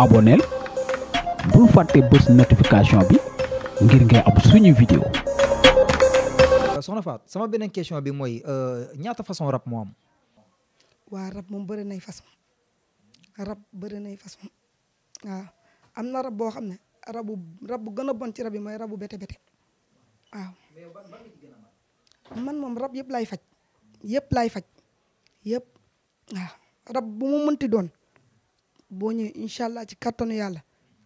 abonnel bu faté bëss notification bi ngir ngay am suñu vidéo euh, soxna fat sama benen question bi euh ñaata façon rap mo am wa rap mo bëre nay façon rap bëre nay façon wa amna rap bo xamné xam rabu bu gëna bon ci rab yi mooy rabu bete bete waaw man mom rap yëpp lay fajj yëpp lay fajj yëpp wa rap bu mu mënti doon boo inshallah allah ci carton yalla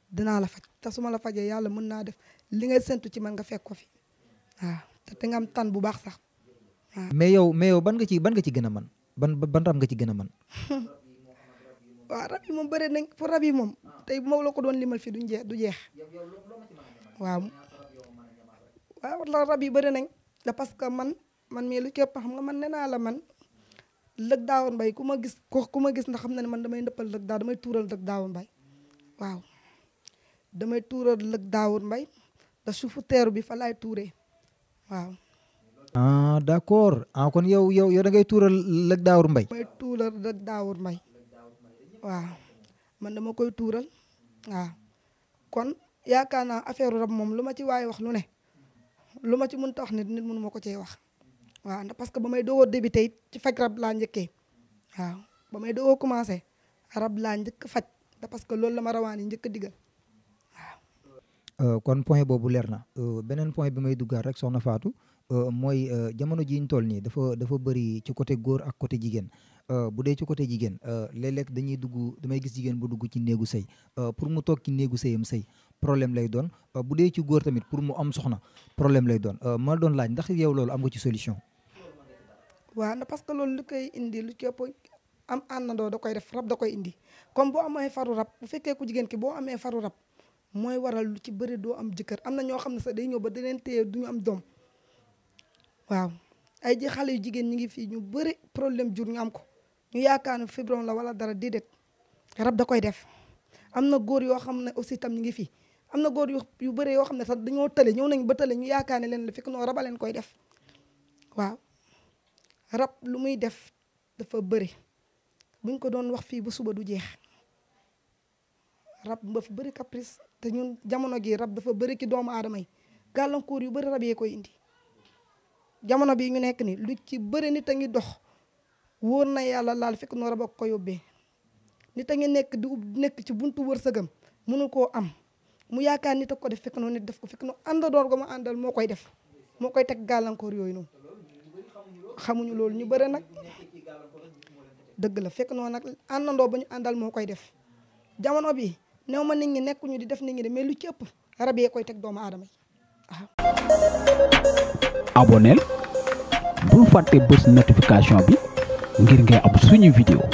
dina la fajj ta suma la fajj yalla mën na def li ngay sentu ci man nga fekk ko fi ta te nga am tan bu baax sax mais yow mais yow ban nga ci ban nga ci gëna man ban ban ram nga ci gëna man wa rabbi mom yi nañ fo rabbi mom tay mo la ko doon limal fi duñ jeex du jeex wa wa la rabbi yi nañ la parce que man man mi lu kepp xam nga man neena la man lëg daawoon bay ku ma gis ko ku ma gis ndax xam na ne man may ndëppal lëg daaw damay tuural lëg daawoon bay waaw damay tuural lëg daawoon da suufu teeru bi fa laay tuuree waaw. ah d' accord ah kon yow yow yow da ngay tuural lëg daawur mbay. damay tuural lëg daawur mbay waaw man dama koy tuural waaw kon yaakaar naa affaire rab moom lu ma ci waaye wax lu ne lu ma ci mënta wax nit nit mënu ma ko cee wax. waaw parce que ba may doog a débuté ci faj rab laa njëkkee ba may doog commencé rab laa njëkk faj parce que loolu la ma rawaan yi njëkk a digal waaw. Euh, kon point boobu leer na euh, beneen point bi may duggaat rek soxna faatu euh, mooy jamono ji ñu toll nii dafa dafa bëri ci côté góor ak côté jigéen. bu dee ci côté jigéen léeg dañuy dugg damay gis jigéen bu dugg ci néegu sëy pour mu toog ci néegu sëyam sëy problème lay doon bu dee ci góor pour mu am soxna problème lay doon ma doon laaj ndax yow loolu am nga ci solution. waaw parce que loolu lu koy indi lu ci ëpp am àndandoo da koy def rab da koy indi comme boo amee faru rab bu fekkee ku jigéen ki boo amee faru rab mooy waral lu ci bëri doo am jëkkër am na ñoo xam ne sax day ñëw ba dinañ téye du am doom waaw ay ji xale yu jigéen ñi ngi fii ñu bëri problème jur ñu ko ñu yaakaar ne fibrome la wala dara déedéet rab da koy def am na góor yoo xam ne aussi tam ñu ngi fii am na góor yu yu bëri yoo xam ne sax dañoo tële ñëw nañ ba tële ñu yaakaar ne leen la fekk noo raba leen koy def waaw rab lu muy def dafa bëri buñ ko doon wax fii ba suba du jeex rab dafa bari caprice te ñun jamono gi rab dafa bari ki doomu aadama yi gàllankoor yu bëri rab yee koy indi jamono bi ñu nekk ni lu ci bëri nit a ngi dox wóor na yàlla laal fekk noo rab ak ko yóbbee nit a ngi nekk di nekk ci buntu wërsëgam mënu koo am mu yaakaar nit a ko def fekk noo nit def ko fekk noo àndandoor ko ma àndal moo koy def moo koy teg gàllankoor yooyu noonu xamuñu loolu ñu bëre nak dëgg la fekk no nak andando bañu andal mo koy def jamono bi néew ma nit ñi nekkuñu di def nit ñi de mais lu ci ëpp rab koy tek doom adamay abonnel bu faté bëss notification bi ngir ngay am suñu vidéo.